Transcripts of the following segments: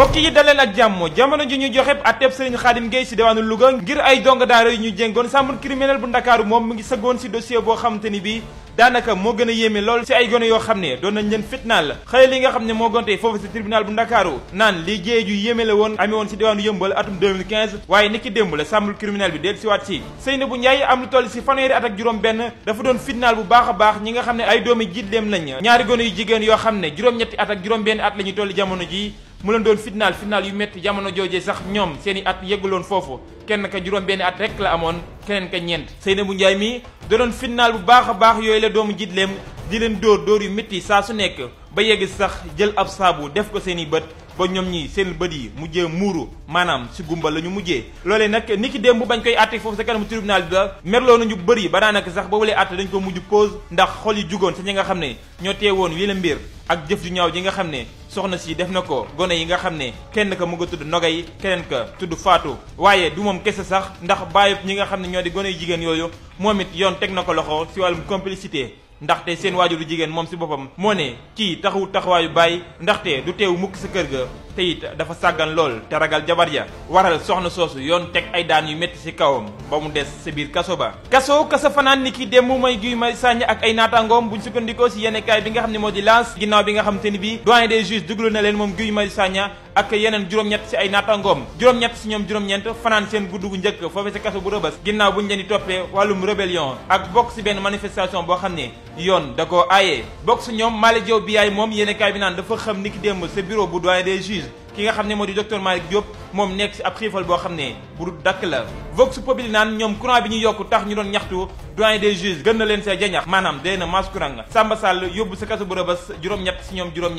bokki yi daleen ak jàmm jamono ji ñu joxe atteb Serigne Khadim Gueye si diwaanu Louga ngir ay donga daara yu ñu jéngoon chambre criminelle bu Ndakaaru moom mu ngi sëggoon si dossier boo xamante ni bii daanaka moo gën a lool si yoo xam ne doon nañ leen fitnaal xëy li nga xam ne moo gonte foofu si tribunal bu Ndakaaru naan li jéye ju yéeme la woon amee woon diwaanu yëmbal atum waaye ni ki démb la chambre criminelle bi del si waat si Seynabou Ndiaye am lu toll si fanweeri at ak juróom benn dafa doon fitnaal bu baax baax ñi nga xam ne ay doomi jiitleem lañ ñaari gone yu jigéen yoo xam ne juróom at ak juróom benn at la ñu ji mu leen doon fitnaal fitnaal yu métti jamono joojee sax ñoom seeni at yegguloon foofu kenn ka juróom benn at rek la amoon keneen ka ñeent Seynabou Ndiaye mii da doon fitnaal bu baax a baax yooyu la doomu jitleem di leen dóor dóor yu métti saa su nekk ba yegg sax jël ab saabu def ko seen i bët ba ñoom ñi seen bët yi mujjee muuru maanaam si gumba la ñu mujjee loolee nag ni ki démb bañ koy àtte foofu sa kanamu tribunal bi la merloo nañu bëri ba daanaka sax boobu lay àtte dañ ko mujj cause ndax xol yi jugoon sa ñi nga xam ne ñoo teewoon wi la mbir ak jëf ju ñaaw ji nga xam ne soxna si def na ko gone yi nga xam ne kenn ka mu nga tudd nogay keneen ka tudd faatu waaye du moom kese sax ndax bàyyi ñi nga xam ne ñoo di gone yu jigéen yooyu moom yoon teg na ko loxo si wàllum complicité ndaxte seen waajuru jigéen moom si boppam moo ne kii taxawu taxawaayu bàyyi ndaxte du teew mukk sa kër ga te dafa sàggan lool te ragal jabar ja waral soxna soosu yoon teg ay daan yu métti si kawam ba mu des sa biir kaso ba kaso kasa fanaan ni ki dem mu may guy may sàññ ak ay naataangoom buñ sukkandikoo si yenekaay bi nga xam ne moo di lance ginnaaw bi nga xam te ni bi doyen des juges duglu na leen moom guy may sàñña ak yeneen juróom-ñett ci ay naataangoom juróom-ñett ci ñoom juróom-ñeent fanaan seen guddu gu njëkk foofu ci kaso bu rëbës ginnaaw bu ñu leen di toppee wàllum rébellion ak bokk ci benn manifestation boo xam ne yoon da koo aaye bokk ci ñoom Malick Diop Biaye moom yéenekaay bi naan dafa xam ni ki démb sa bureau bu doyen des juges ki nga xam ne moo di docteur Malick Diop moom nekk ci ab xiifal boo xam ne bu dakk la Vox Populi naan ñoom courant bi ñu yokk tax ñu doon ñaxtu doyen des juges gën na leen see maanaam dee na mas courant nga sa kaso bu rëbës juróom-ñett ci ñoom juróom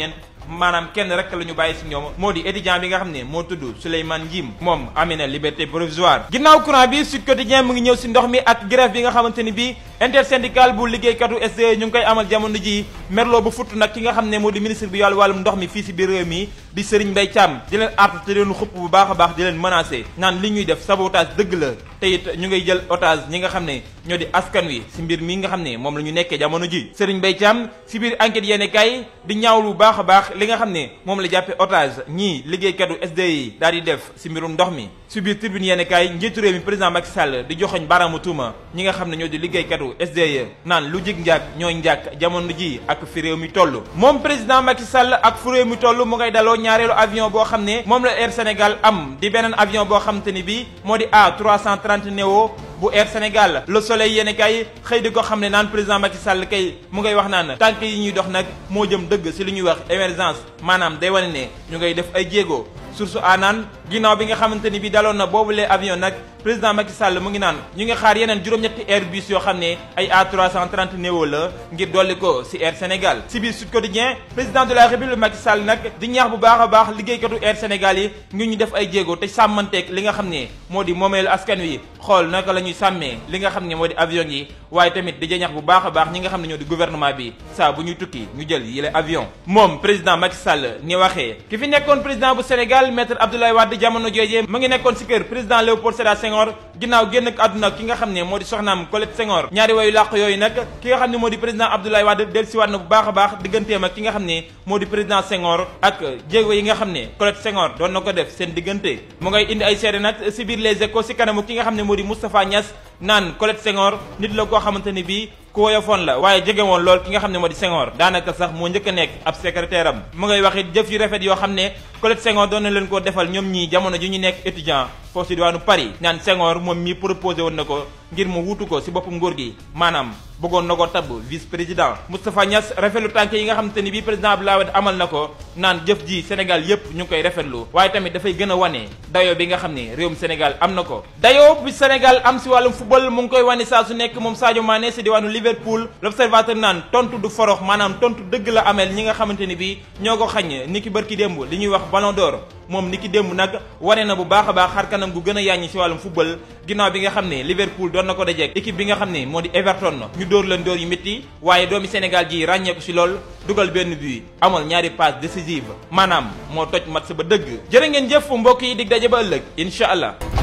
maanaam kenn rek la ñu bàyyi si ñoom moo di étudiant bi nga xam ne moo tudd Souleymane Ndim moom amee na liberté provisoire ginnaaw courant bi Sud Quotidien mu ngi ñëw si ndox mi ak grève bi nga xamante ni bi intersyndical bu liggéeykatu SDE ñu ngi koy amal jamono ji merloo bu futt nag ki nga xam ne moo di ministre bi yàlla wàllum ndox mi fii si biir réew mi di Serigne Mbaye Thiam di leen artu te leen xupp bu baax a baax di leen menacé naan li ñuy def sabotage dëgg la te it ñu ngay jël otage ñi nga xam ne ñoo di askan wi si mbir mi nga xam ne moom la ñu nekkee jamono ji Serigne Mbaye Thiam si biir enquête yenn kaay di ñaawlu bu baax a baax li nga xam ne moom la jàppee otage ñii liggéeykatu SDE yi daal di def si mbirum ndox mi si biir tribune yenn kaay njiitu réew mi président Macky Sall di joxoñ baaraamu tuuma ñi nga xam ne ñoo di liggéeykatu SDE naan lu jig njàkk ñooy njàkk jamono ji ak fi réew mi toll moom président Macky Sall ak fi réew toll mu ngay daloo ñaareelu avion boo xam ne moom la Sénégal am di beneen avion boo xam ni bi moo 130 néo bu Air Sénégal Le Soleil yéen xëy di ko xam ne naan président Macky Sall kay mu ngay wax naan tànk yi ñuy dox nag moo jëm dëgg si lu ñuy wax émergence maanaam day wane ne ñu ngay def ay jéego source aanaan ginnaaw bi nga xamante ni bi daloon na boobulee avion nag président Macky Sall mu ngi naan ñu ngi xaar yeneen juróom-ñetti Airbus yoo xam ne ay A330 néo la ngir dolli ko ci Air Sénégal ci biir Sud Quotidien président de la République Macky Sall nag di ñaax bu baax a baax liggéeykatu Air Sénégal yi ngir ñu def ay jéego te sàmmanteeg li nga xam ne moo di moomeelu askan wi xool naka la ñuy sàmmee li nga xam ne moo di avion yi waaye tamit di ñaax bu baax a baax ñi nga xam ne ñoo di gouvernement bi saa bu ñuy tukki ñu jël yile avion moom président Macky jamono joojee ma ngi nekkoon si kër président Léopold Sédar Senghor ginnaaw génn àdduna ki nga xam ne moo di soxnaam Colette Senghor ñaari wayu làq yooyu nag ki nga xam ne moo di président Abdoulaye Wade dellusiwaat na bu baax a baax digganteem ak ki nga xam ne moo di président Senghor ak jéego yi nga xam ne Colette Senghor doon na ko def seen diggante mu ngay indi ay seede nag si biir les échos si kanamu ki nga xam ne moo di Moustapha Niass naan Colette Senghor nit la koo xamante ni bii ku woyofoon la waaye jege woon lool ki nga xam ne moo di Senghor daanaka sax moo njëkk a nekk ab secrétaire am mu ngay wax jëf yu rafet yoo xam ne Colette Senghor doon na leen koo defal ñoom ñi jamono ji ñu nekk étudiant foofu si diwaanu Paris naan Senghor moom mi proposé woon na ko ngir mu wuutu ko si boppam nguur gi maanaam bëggoon na ko tabb vice président Moustapha Niass rafetlu tànk yi nga xam te bii président Abdoulaye Wade amal na ko naan jëf ji Sénégal yépp ñu koy rafetlu waaye tamit dafay gën a wane dayoo bi nga xam ne réewum Sénégal am na ko dayoo bi Sénégal am si wàllum football mu ngi koy wane saa su nekk moom Sadio Mané si diwaanu Liverpool l'observateur naan tontu du forox maanaam tontu dëgg la amel ñi nga xamante ni bi ñoo ko xañ ni ki bërki démb li ñuy wax ballon d'or moom ni ki démb nag wane na bu baax a baax xar kanam gu gën a yàññi ci wàllum football ginnaaw bi nga xam ne Liverpool doon na ko dajeek équipe bi nga xam ne moo di Everton ñu dóor leen dóor yu métti waaye doomi Sénégal ji ràññeeku ci lool dugal benn bii amal ñaari passe décisive maanaam moo toj match ba dëgg jërë ngeen jëf mbokk yi dig daje ba ëllëg incha allah